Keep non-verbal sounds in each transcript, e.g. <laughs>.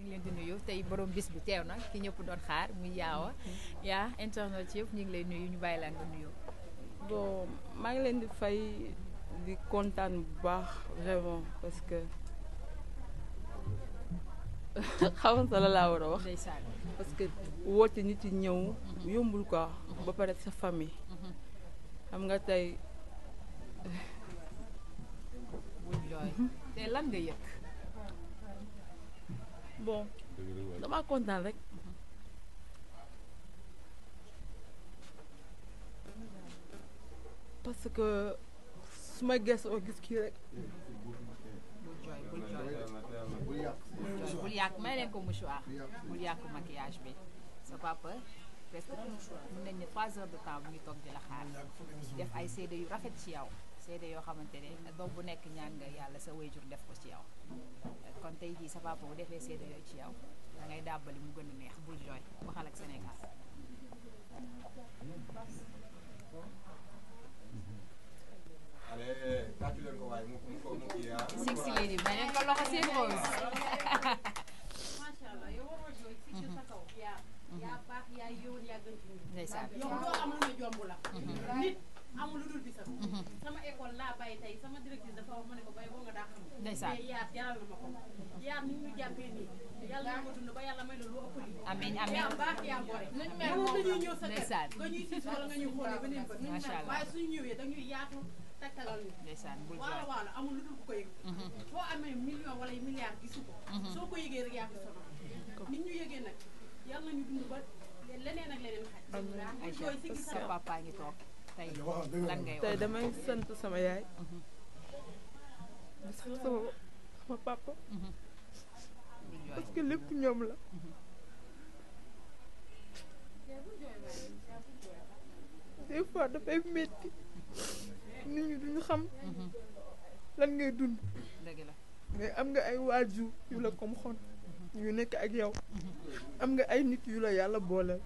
ñu leen di nuyu tey boroom bis bi teew nag ki ñëpp doon xaar muy yaawa mm-hmm. yaa internet yëpp ñu ngi lay nuyu ñu bàyyi laa nga nuyoo. bon maa ngi leen di fay di kontaan bu baax vraiment parce que <laughs> xaw ma la laa war a wax. parce que woote nit ñëw mm-hmm. yombul quoi mm-hmm. ba pare sa famille. xam nga tey. <laughs> te lan nga yëg. bon damaa kontaan rek. parce que su ma gëstoo gis kii rek. bul yàq may leen ko mouchoir bul yàq maquillage bi sa papa presque mën nañ ne trois heures de temps bu ngi toog di la xaar def ay seede yu rafet ci yow. seede yoo xamante ne doom bu nekk ñaan nga yàlla sa wayjur def ko ci yow kon tey jii sa papa bu defee seede yooyu ci yow da dàbbali mu gën a neex bul jooy waxal ak Sénégal. Ah. six lady ma ne ko loxo seen rose. <laughs> Mm-hmm. ndeysaan. Mm-hmm. nit amul lu dul bisam mhm. sama école laa bàyyi tey sama directrice dafa wax ma ne ko bay boo nga daa xam ndeysaan mais yaar jaral na ma ko yaar ni ñu jàppee nii yàlla ba yàlla may la lu ëpp lii amiin amiin yaa baax yaa boore ñëw sa kër ñuy siis wala nga ñuy xoolee beneen bët waaye suñu ñëwee dañuy yaatu takkalal ko yëg mhm. boo amee million wala milliard ko mhm. soo ko yëgee rek yaa ko sonal nit ñu yëgee nag yàlla nañu dund ba leneen ak leneen xaj ay sa papa ngi toog tey lan ngay wax tey damay sant sama yaay. Mhm. sant sama sama papa. Mhm. parce que lépp ñoom la. Mhm. des fois dafay métti nit ñi duñu xam. lan ngay dund. dëgg la mais am nga ay waajur yu la comme xon yu nekk ak yow. am nga ay nit yu la yàlla booleel.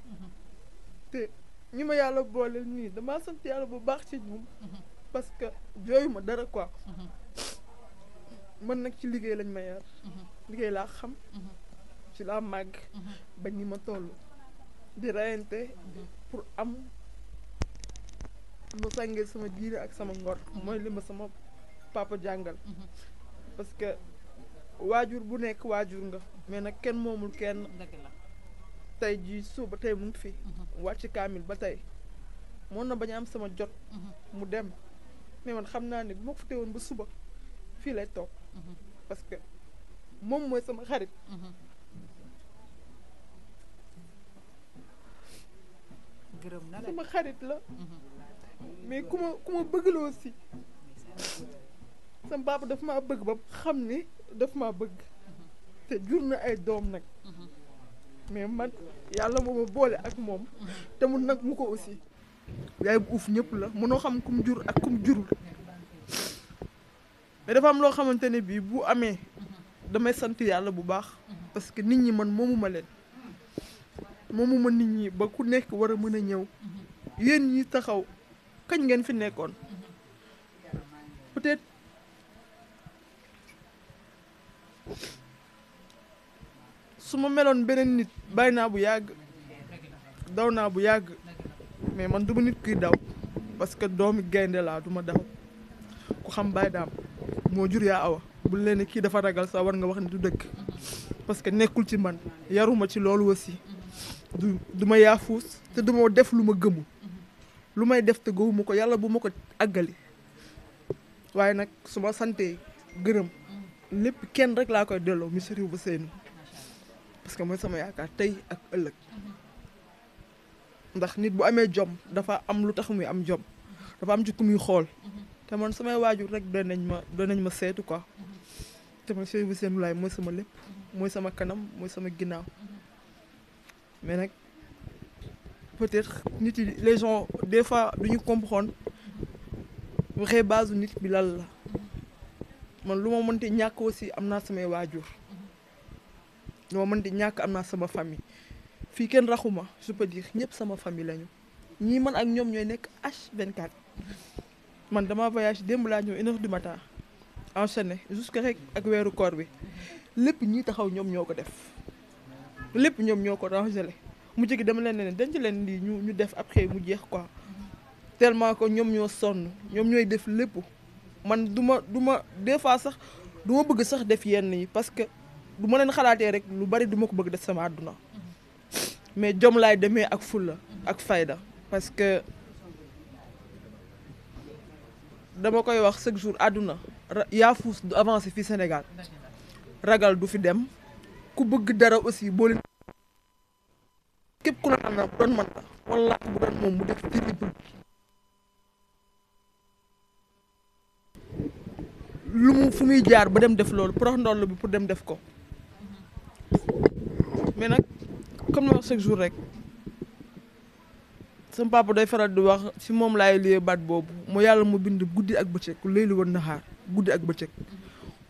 te. ñi ma yàlla booleel nii damaa sant yàlla bu baax ci ñoom. parce que jooyu ma dara quoi. man nag ci liggéey lañ ma yar. liggéey laa xam. ci laa màgg. ba ni ma toll. di rayante pour am lu sàngee sama diine ak sama ngor. mooy li ma sama papa jàngal. parce waajur bu nekk waajur nga. mais nag kenn moomul kenn. dëgg tey jii suba ba tey mu ngi fi. Mhm. wàcc kaamil ba tey. mën na bañ am sama jot. Mhm. mu dem mais man xam naa ne bu ma ko fa teewoon ba suba fii lay toog. Mhm. parce que moom mooy sama xarit. gërëm na sama xarit la. mais ku ma ku ma bëgg la sama baaba daf maa bëgg ba xam ni daf maa bëgg. te jur na ay doom nag. mais man yàlla moo ma boole ak moom te mu nag mu ko aussi yaay bu uuf ñëpp la mënoo xam kum jur ak kum jurul mais dafa am loo xamante ne bii bu amee damay sant yàlla bu baax parce que nit ñi man moomuma leen moomuma nit ñi ba ku nekk war a mën a ñëw yéen ñi taxaw kañ ngeen fi nekkoon su ma meloon beneen nit bàyyi naa bu yàgg daw naa bu yàgg mais man du ma nit kuy daw parce que doomi gaynde laa duma ma daw ku xam bàyyi daam moo jur yaa awa bu leen kii dafa ragal sa war nga wax ni du dëkk parce que nekkul ci man yaruma ci loolu aussi du du ma yaafuus te du ma def lu ma gëmu lu may def te gëwuma ko yàlla bu ma ko àggali waaye nag su ma santee gërëm lépp kenn rek laa koy delloo monsieur Rive Seyni parce que mooy sama yaakaar tey ak ëllëg ndax nit bu amee jom dafa am lu tax muy am jom dafa am ci ku muy xool te man samay waajur rek doon nañ ma doon ma seetu quoi te man Cheikh Ousseynou Laye mooy sama lépp mooy sama kanam mooy sama ginnaaw mais nag peut-être nit yi les gens des fois duñu comprendre waxee base nit bi lan la man lu ma mënti ñàkk aussi am naa samay waajur. non man de ñàkk am naa sama famille fii kenn raxuma je peux dire ñëpp sama famille lañu ñii man ak ñoom ñooy nekk H24 man dama voyage démb laa ñëw une heure du matin enchaîné jusque ak weeru koor bi lépp ñii taxaw ñoom ñoo ko def lépp ñoom ñoo ko rangélé mu jigi dama leen ne denc leen lii ñu ñu def après mu jeex ko tellement ko ñoom ñoo sonn ñoom ñooy def lépp man du ma du ma des fois sax du bëgg sax def yenn yi parce du ma leen xalaatee rek lu bari duma ko bëgg def sama àdduna mais jom laay demee ak fulla ak fayda parce que dama koy wax chaque jour àdduna yaafuus du avancé fii Sénégal ragal du fi dem ku bëgg dara aussi boo leen képp ku la naan na bu doon man la wala bu doon moom mu def triple lu mu fu muy jaar ba dem def loolu prox ndoll bi pour dem def ko mais nag comme ni wax chaque jour rek sama papa day faral di wax si moom laay liyee baat boobu moo yàlla mu bind guddi ak bëccëg ku léegi woon naxaar guddi ak bëccëg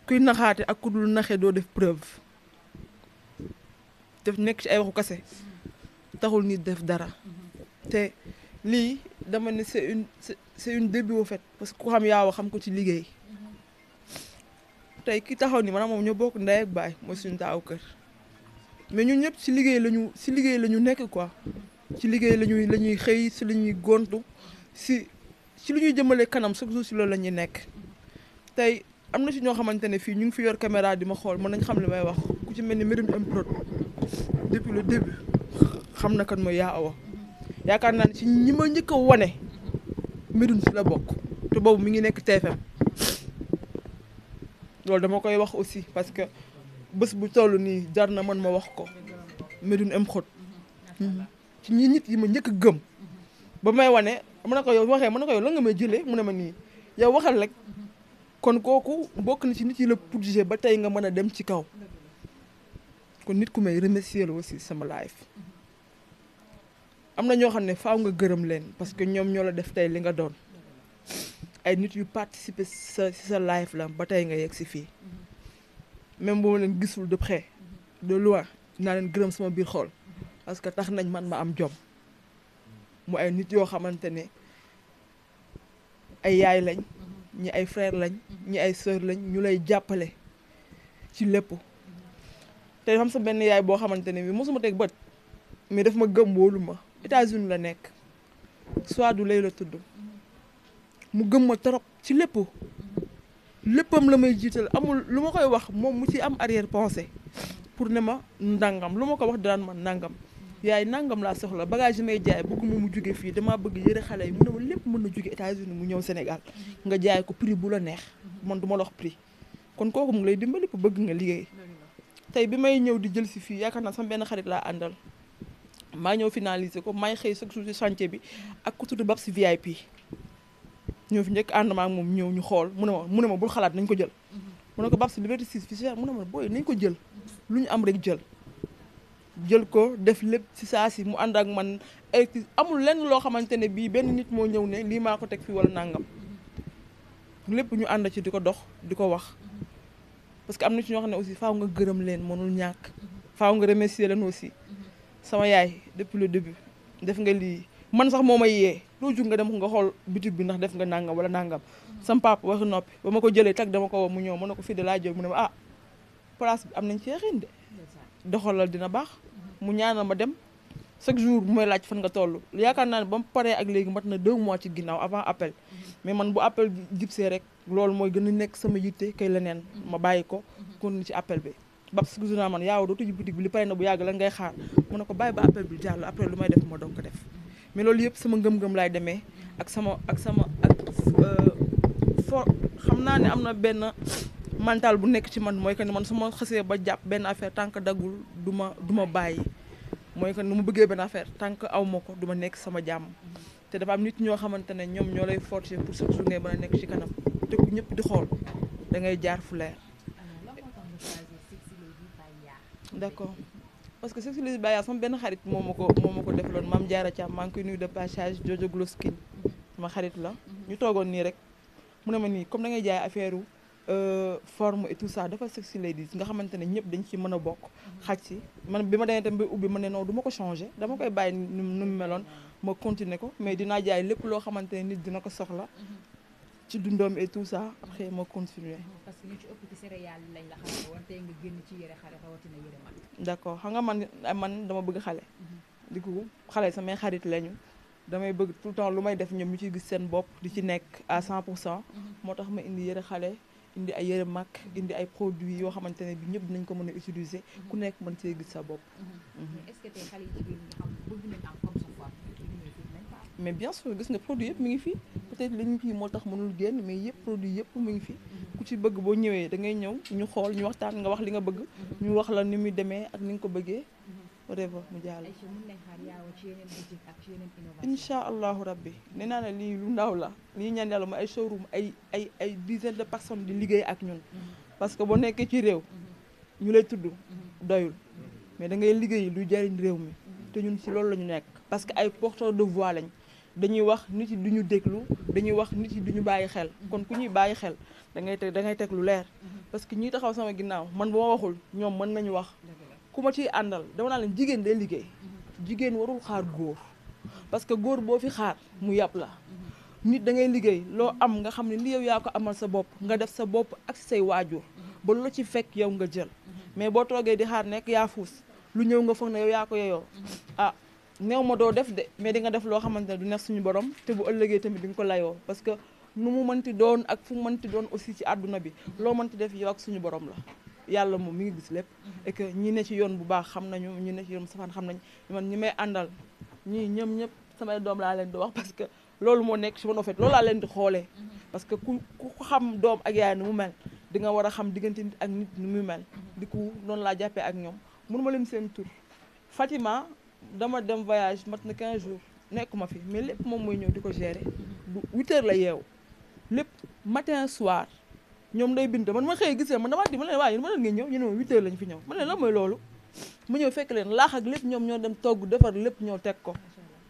kuy naxaate ak ku dul naxee doo def preuve def nekk ci ay waxu kase taxul nit def dara te lii dama ne c'est une c'est une début au fait parce que ku xam yaaw xam ko ci liggéey tey ki taxaw ni maanaam moom ñoo bokk ndey ak baay mooy suñu taaw kër mais ñun ñëpp si liggéey lañu si liggéey la ñu nekk quoi ci liggéey la ñuy la xëy si la ñuy gontu si si lu ñuy jëmale kanam chaque jour si loolu lañuy nekk tey am na si ñoo xamante ne fii ñu ngi fi yor caméra di ma xool mën nañ xam li may wax ku ci mel ni Mérim Improd depuis le début na kan mooy Yaa Awa yaakaar naa ne si ñi njëkk a wane si la bokk te boobu mi ngi nekk TFM loolu dama koy wax aussi parce bës bu toll nii jar na man ma wax ko Médoune M xot ci ñi nit yi ma njëkk gëm ba may wane mën na ko yow waxee mën na ko yow la nga may jëlee mu ne ma nii yow waxal rek kon kooku bokk na ci nit yi la poudige ba tey nga mën a dem ci kaw kon nit ku may remercier la aussi sama life am na ñoo xam ne faw nga gërëm leen parce que ñoom ñoo la def tey li nga doon ay nit yu participer sa sa life la ba tey nga yegg si fii même boo leen gisul de près de loin naa leen gërëm sama biir xool parce que tax nañ man ma am jom mu ay nit yoo xamante ne ay yaay lañ ñi ay frère lañ ñi ay sœur lañ ñu lay jàppale ci lépp te xam sa benn yaay boo xamante ne bi mosuma teg bët mais daf ma gëm wóolu ma États-Unis la nekk soit du lay la tudd mu gëm ma trop ci lépp léppam la may jiital amul lu ma koy wax moom mu ci am arrière pensée pour ne ma ndàngam lu ma ko wax daan man ndàngam yaay nangam laa soxla bagage yi may jaay bëgguma mu jóge fii damaa bëgg yëre xale yi mu ne ma lépp mën na jóge États-Unis mu ñëw Sénégal nga jaay ko prix bu la neex man duma ma la prix kon kooku mu lay dimbali pour bëgg nga liggéey tey bi may ñëw di jël si fii yaakaar naa sama benn xarit laa àndal maa ñëw finaliser ko may xëy chaque jour ci bi ak ku tudd Babs VIP ñëw fi njëkk ànd ma moom ñëw ñu xool mu ne ma mu ne ma bul xalaat nañ ko jël mm-hmm. mu ne ko Babs Liberté 6 fi mu ko jël lu ñu am rek jël jël ko def lépp ci si mu ànd ak man ay amul lenn loo xamante ne bii benn nit moo ñëw ne lii maa ko teg fii walla nàngam mm-hmm. lépp ñu ànd ci di ko dox di ko wax mm-hmm. parce que am na ci ñoo xam ne aussi faaw nga gërëm leen mënul ñàkk faaw nga remercier leen aussi sama yaay depuis le début def nga lii man sax moo may yee loo jur nga dem nga xool bitig bi ndax def nga nangam wala nangam sam papa waxi noppi ba ma ko jëlee tag dama ko woo mu ñëw ma ne ko fii de laa jóg mu ne ah, dina baax mu ñaanal ma dem chaque jour bu may fan nga toll yaakaar naa ne ba mu paree ak léegi mat na deux mois ci ginnaaw avant appel mais man bu appel bi jibsee rek loolu mooy gën a nekk sama yitte kay leneen ma bàyyi ko kon ci appel bi bab si gisu naa man yaaw doo tëj boutique bi li pare na bu yàgg lan ngay xaar mu ne ko bàyyi ba appel bi jàll après lu may def ma doog ko def mais loolu yëpp sama ngëm-ngëm laay demee ak sama ak sama ak euh, for xam naa ne am na benn mental bu nekk ci man mooy que ni man su ma xasee ba jàpp benn affaire tànk que daggul du ma du ma bàyyi mooy que ni mu bëggee benn affaire tànk que aw ma ko du nekk sama jàmm te dafa am nit ñoo xamante ne ñoom ñoo lay forcer pour sa journée ba nekk ci kanam te ku ñëpp di xool dangay jaar fu d'accord parce que sexualisme bàyyaa sama benn xarit moo ma ko moo ma ko defloon maam Diarra Thiam maa ngi koy nuyu de passage Jojo Gloskin ma xarit la mhm. ñu toogoon nii rek mu ne ma nii comme da ngay jaay affaire euh, forme et tout ça dafa sexy ladies nga xamante ne ñëpp dañ ci mën a bokk mhm. xaj si man bi ma demee tam ba ubbi ma ne non du ko changé dama koy bàyyi nu mu meloon ma continuer ko mais dinaa jaay lépp loo xamante ne nit dina ko soxla mhm. ci dundam et tout ça après ma continuer. parce que ñu ci ëpp ci céréales lañ la xamee ci yére xale rawatina yére mag. d'accord xam nga man man dama bëgg xale. Mhm. di ko xale samay xarit lañu. damay bëgg tout le temps lu may def ñoom mu ciy gis seen bopp di ci nekk à 100 pour cent. Mhm. moo tax ma indi yëre xale indi ay yére mag mhm. indi ay produits yoo xamante ne bi ñëpp dinañ ko mën a utiliser. ku nekk mën cee gis sa bopp. est-ce que mais bien sûr gis nga produit yëpp mi ngi fii. peut-être liñ kii moo tax mënul génn mais yëpp produit yëpp mu ngi fi mhm. ku ci bëgg boo ñëwee da ngay ñëw ñu xool ñu waxtaan nga wax li nga bëgg mhm. ñu wax la ni muy demee ak ni nga ko bëggee mhm. whatever mu jàll incha allahu rabbi nee naa ne lii lu ndaw la lii ñaan yàlla mu ay showroom ay ay ay dizaine de personnes di liggéey ak ñun parce que boo nekkee ci réew ñu lay tudd doyul mais da ngay liggéey lu jariñ réew mi te ñun si loolu la ñu nekk parce que ay porteurs de voix lañ dañuy wax nit yi duñu déglu dañuy wax nit yi duñu bàyyi xel kon ku ñuy bàyyi xel da ngay teg da ngay teg lu leer parce que ñi taxaw sama ginnaaw man bu ma waxul ñoom mën nañu wax ku ma ciy àndal dama naa leen jigéen day liggéey jigéen warul xaar góor parce que góor boo fi xaar mu yàpp la nit da ngay liggéey loo am nga xam ne li yow yaa ko amal sa bopp nga def sa bopp ak say waajur ba lu la ci fekk yow nga jël mais boo toogee di xaar nekk yaa fuus lu ñëw nga foog ne yow yaa ko néew ma doo def de mais di nga def loo xamante ne du neex suñu borom te bu ëllëgee tamit di nga ko layoo parce que nu mu mënti doon ak fu mënti doon aussi ci àdduna bi loo mënti def ak suñu borom la yàlla moom mi ngi gis lépp et que ñi ne ci yoon bu baax xam nañu ñi ne ci xam nañ man ñi may àndal ñii ñëm ñëpp samay doom laa leen di wax parce que loolu moo nekk ci man en loolu laa leen di xoolee parce que ku ku xam doom ak yaay nu mu mel di nga war a xam diggante nit ak nit nu muy mel di ku noonu laa jàppee ak ñoom mënu ma leen seen tur dama dem voyage mat na 15 jours nekkuma fi mais lépp moom mooy ñëw di ko gérer bu 8 la yeew lépp matin soir ñoom day bind man ma xëy gis man dama di ma leen waaye ma leen ngeen ñëw ñu ne ma 8 heures fi ñëw ma leen la mooy loolu mu ñëw fekk leen laax ak lépp ñoom ñoo dem togg defar lépp ñoo teg ko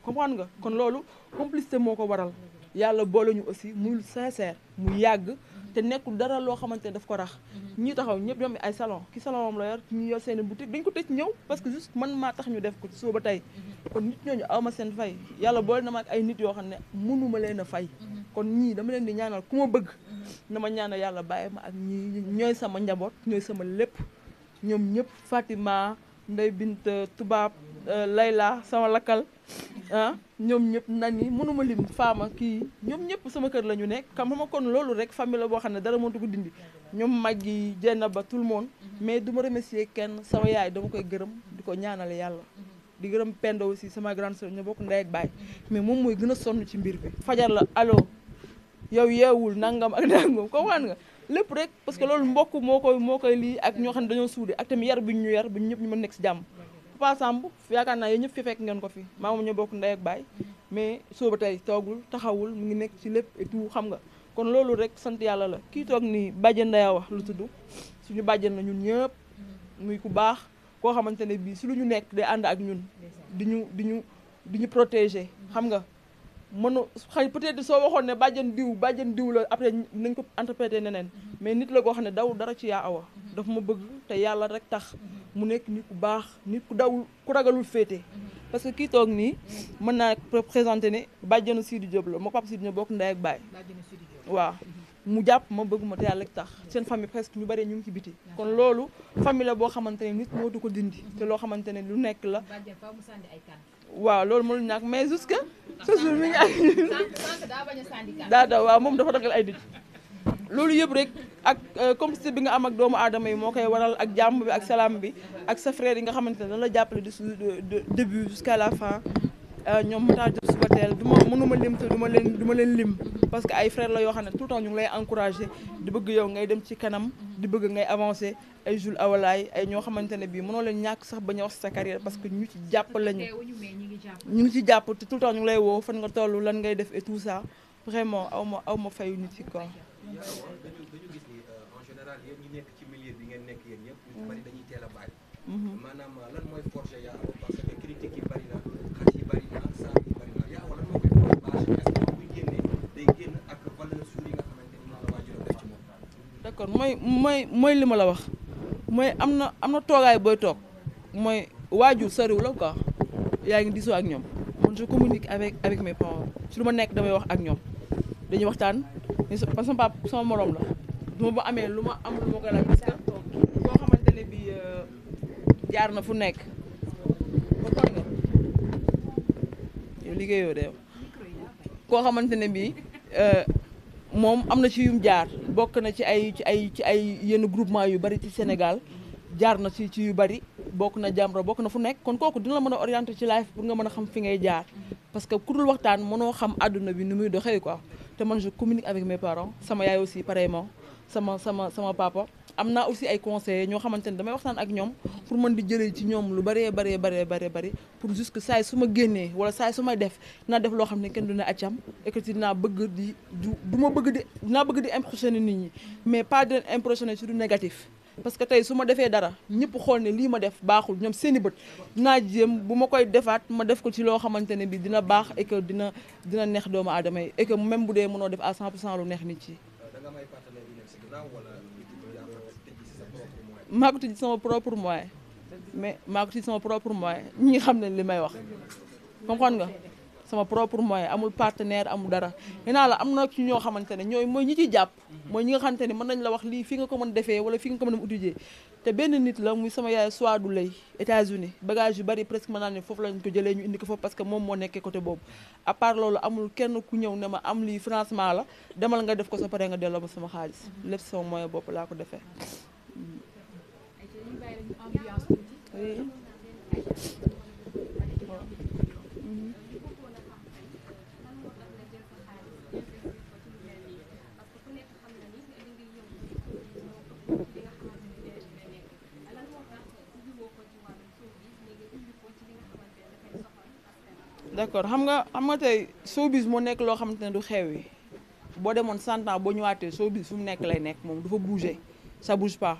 comprendre nga kon loolu complicité moo ko waral yàlla boole ñu aussi muy sincère mu yàgg te nekkul dara loo xamante ne daf ko rax mhm. ñi taxaw ñëpp ñoom ay salon ki salon moom la yor ñu yor seen i boutique dañ ko tëj ñëw parce que juste man maa tax ñu def ko soo ba tey mhm. kon nit ñooñu awma seen fay yàlla boole na ma ay nit yoo xam ne mënuma leen a fay mhm. kon ñii dama leen di ñaanal ku ma bëgg na ma ñaanal yàlla bàyyi ma ak ñii ñooy sama njaboot ñooy sama lépp ñoom ñëpp Fatima Ndey Bint Tubaab Euh, Layla sama lakkal ah ñoom ñëpp nani mënuma lim faama kii ñoom ñëpp sama kër la ñu nekk xam ma kon loolu rek famille la boo xam ne dara moom mëntu ko dindi ñoom mag yi jenn ba tout moon mhm. mais du ma remercier kenn sama yaay dama koy gërëm di ko ñaanale yàlla mhm. di gërëm Penda aussi sama grande sœur ñu bokk ndey ak baay mhm. mais moom mooy gën a sonn ci mbir bi fajar la allo yow yeewul nangam ak <laughs> nangam ko waan nga lépp rek parce que loolu mbokk moo koy moo koy lii ak ñoo xam ne dañoo suude ak tamit yar bi ñu yar ba ñëpp ñu mën nekk si jàmm Papa Samb yaakaar naa yéen ñëpp fi fekk ngeen ko fi maamu moom ñoo bokk ndey ak baay mais sooba tey toogul taxawul mu ngi nekk ci lépp et xam nga kon loolu rek sant yàlla la kii toog nii bàjjen ndaya wax lu tudd suñu bàjjen na ñun ñëpp muy ku baax koo xamante ne bii si lu ñu nekk day ànd ak ñun di ñu di ñu di ñu protéger xam nga mënu xëy peut-être soo waxoon ne bàjjan diw bàjjan diw la après nañ ko interprété neneen mais nit la goo xam ne daw dara ci yaa awa dafa ma bëgg te yàlla rek tax mu nekk nit ku baax nit ku dawul ku ragalul féete parce que kii toog nii mën naa présenté ne bàjjanu Sidi Diop la moo papa Sidi Diop bokk ndey ak baay waa mu jàpp ma bëgg ma te yàlla rek tax seen famille presque ñu bari ñu ngi ci biti kon loolu famille la boo xamante ne nit moo du ko dindi loo xamante ne lu nekk la waaw loolu mënul ñàkk mais jusque ah, ce jour mi ngi ak daa daw waaw moom dafa ragal ay nit loolu yëpp rek ak euh, complicité bi nga am ak doomu aadama yi moo koy waral ak jàmm bi ak salaam bi ak sa frère yi nga xamante ne dañ la jàppale de du début jusqu'à la fin Euh, ñoom Mouta Diop suba teel du ma mënuma lim te du ma leen du ma leen lim parce ay frère la yoo xam ne tout le temps ñu ngi lay encouragé di bëgg yow ngay dem ci kanam di bëgg ngay avancé ay Jules Awalaay ay ñoo xamante ne bii mënoo leen ñàkk sax ba ñu wax sa carrière parce que ñu ci jàpp lañu ñu ngi ci jàpp te tout le temps ñu ngi lay woo fan nga toll lan ngay def et tout ça vraiment aw ma aw ma fayu nit yi quoi. Mm-hmm. Mm-hmm. maanaam lan mooy forger yaa parce que critique yi bari d'accord mooy mooy mooy li ma la wax mooy am na am na toogaay booy toog mooy waajur soriw la quoi yaa ngi diisoo ak ñoom man je communique avec avec mes parents ci lu ma nekk damay wax ak ñoom dañuy waxtaan parce que sama papa la du ma amee lu ma am lu ma ko laaj parce que koo xamante ne bi euh, jaar na fu nekk liggéeyoo de koo xamante ne bii euh, moom am na ci yum jaar bokk na ci ay ci ay ci ay yenn groupement yu bari ci Sénégal jaar na ci ci yu bari bokk na Jamra bokk na fu nekk kon kooku dina la mën a orienter ci life pour nga mën a xam fi ngay jaar parce que ku dul waxtaan mënoo xam àdduna bi ni muy doxee quoi te man je communique avec mais parents sama yaay aussi moom sama sama sama papa am naa aussi ay conseillers ñoo xamante ne damay waxtaan ak ñoom pour man di jëlee ci ñoom lu bëree bëree bëree bëree bëri pour juste que saa su ma génnee wala saa su may def dinaa def loo xam ne kenn du ne accam et que dinaa bëgg di du du ma bëgg di dinaa bëgg di impressionner nit ñi mais pas di leen impressionner sur du négatif parce que tey su ma defee dara ñëpp xool ne lii ma def baaxul ñoom seeni bët dinaa jéem bu ma koy defaat ma def ko ci loo xamante ne bi dina baax et dina dina neex doomu aadama yi même bu dee mënoo def à 100 pour lu neex nit ci maa ko tijji sama propre moyen mais maa ko tijji sama propre moyen ñi xam ne li may wax comprendre nga. sama propre moyen amul partenaire amul dara nee naa la am na ki ñoo xamante ne ñooy mooy ñi ci jàpp mooy ñi nga xamante ne mën nañ la wax lii fi nga ko mën defee wala fi nga ko mën a utiliser te benn nit la muy sama yaay Suwaadu lay États-Unis bagage yu bari presque mën naa ne foofu lañ ko jëlee ñu indi ko foofu parce que moom moo nekkee côté boobu à loolu amul kenn ku ñëw ne ma am lii financement la demal nga def ko sa pare nga delloo ma sama xaalis lépp sama moyen bopp laa ko defee d'accord xam nga xam nga tey showbiz moo nekk loo xamante ne du xew yi boo demoon cent ans boo ñëwaatee showbiz fu mu nekk lay nekk moom du fa bouger sa bouge pas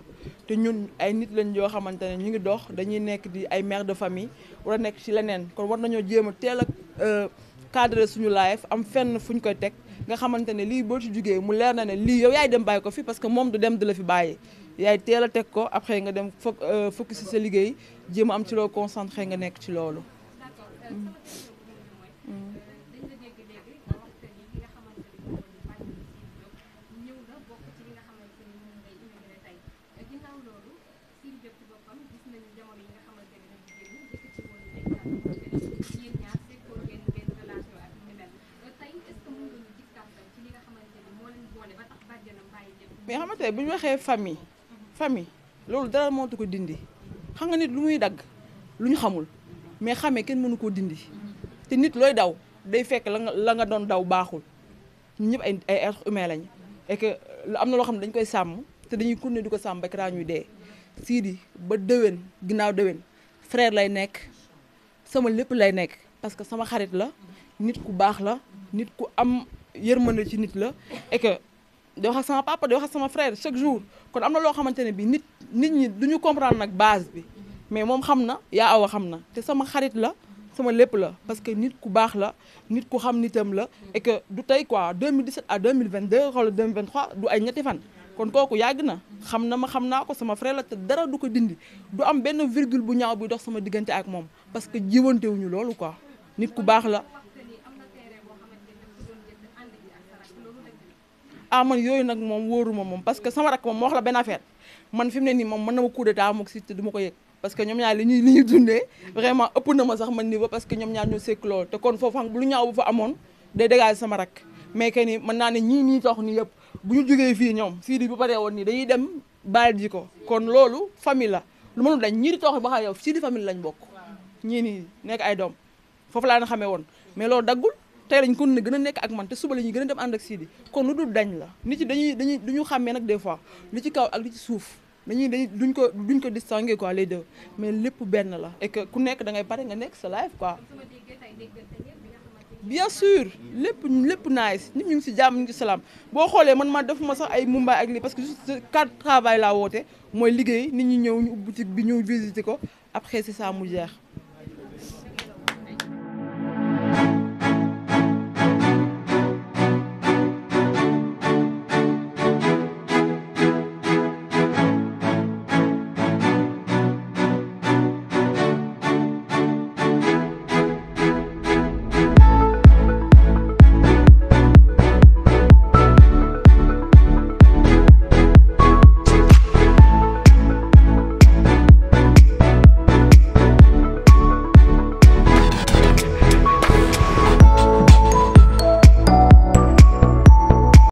te ñun ay nit lañ yoo xamante ne ñu ngi dox dañuy nekk di ay mère de famille war nekk ci leneen kon war nañoo jéem a teel a euh, cadre suñu life am fenn fu ñu koy teg nga xamante ne lii boo ci jugee mu leer na ne lii yow yaay dem bàyyi ko fi parce que moom du dem di la fi bàyyi yaay teel a teg ko après nga dem fo euh, focus sa liggéey jéem am ci loo concentré nga nekk ci loolu. mais xamante ne bu ñu waxee famille famille loolu dara mootu ko dindi xam nga nit lu muy dagg lu ñu xamul mais xame kenn mënu koo dindi te nit looy daw day fekk la nga la nga doon daw baaxul ñun ñëpp ay ay êtres lañ et que am na loo xam ne dañ koy sàmm te dañuy continuer di ko sàmm ñuy dee Sidi ba déwén ginnaaw déwén frère lay nekk sama lépp lay nekk parce que sama xarit la nit ku baax la nit ku am yërmande ci nit la et di wax ak sama papa di wax ak sama frère chaque jour kon am na loo xamante ne bii nit nit ñi du ñu comprendre nag base bi mais moom xam na yaa awa xam na te sama xarit la sama lépp la parce que nit ku baax la nit ku xam nitam la que du tey quoi 2017 à 2022 xool 2023 du ay ñetti fan kon kooku yàgg na xam na ma xam naa ko sama frère dara du ko dindi du am benn virgule bu ñaaw buy dox sama diggante ak moom parce que jiwante wuñu loolu quoi nit ku baax la ah yooyu nag moom wóoruma moom parce que sama moom ma wax la benn affaire man fi ne nii moom mën na ma coup d'état mook te du ma ko yëg parce que ñoom ñaar li ñuy li ñuy dundee vraiment ëpp na sekk lool te kon foofu bu lu ñaaw bu amoon day dégager sama rakk mais que naa ne ñii nii tax ni yëpp bu ñu jógee fii ñoom fii bu paree woon nii dañuy dem baal ji ko kon loolu famille la lu mënul dañ ñii di toox ba xam yow fii di famille lañ bokk ñii nii nekk ay doom foofu laa na xamee woon mais loolu tey lañ kon ne gën a nekk ak man te suba gën a dem ànd ak kon lu dul dañ la nit yi dañuy dañuy du ñu xàmmee nag des fois li ci kaw ak li ci suuf dañuy dañuy duñ ko duñ ko distinguer quoi les deux mais lépp benn la et ku nekk da ngay pare nga nekk sa live quoi bien sûr lépp lépp nice ñëpp ñu ngi si jàmm ñu ngi si salaam boo xoolee man ma defuma sax ay Mumbai ak lii parce que juste cadre travail laa woote mooy liggéey nit ñi ñëw ñu ubbi bi ñëw visiter ko après c'est ça mu jeex